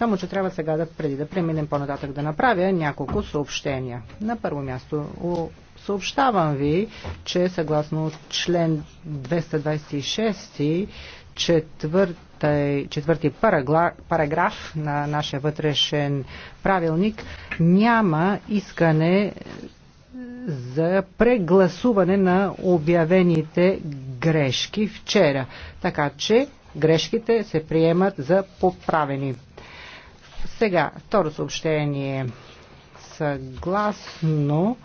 Само, че трябва сега да, преди да преминем по-нататък, да направя няколко съобщения. На първо място, съобщавам ви, че съгласно член 226 е, четвърти, четвърти параграф на нашия вътрешен правилник няма искане за прегласуване на обявените грешки вчера. Така че грешките се приемат за поправени. Сега, второ съобщение. Съгласно